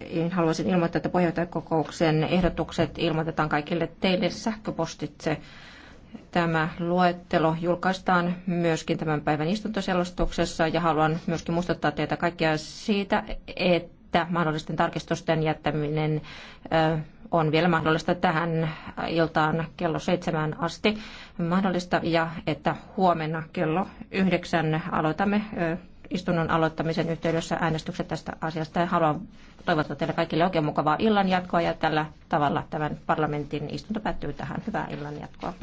Niin, haluaisin ilmoittaa, että puheenjohtajakokouksen ehdotukset ilmoitetaan kaikille teille sähköpostitse. Tämä luettelo julkaistaan myöskin tämän päivän istuntoselostuksessa ja haluan myöskin muistuttaa teitä kaikkia siitä, että mahdollisten tarkistusten jättäminen on vielä mahdollista tähän iltaan kello seitsemään asti mahdollista ja että huomenna kello yhdeksän aloitamme istunnon aloittamisen yhteydessä äänestykset tästä asiasta. Ja haluan toivottaa teille kaikille oikein mukavaa illanjatkoa ja tällä tavalla tämän parlamentin istunto päättyy tähän. Hyvää illanjatkoa.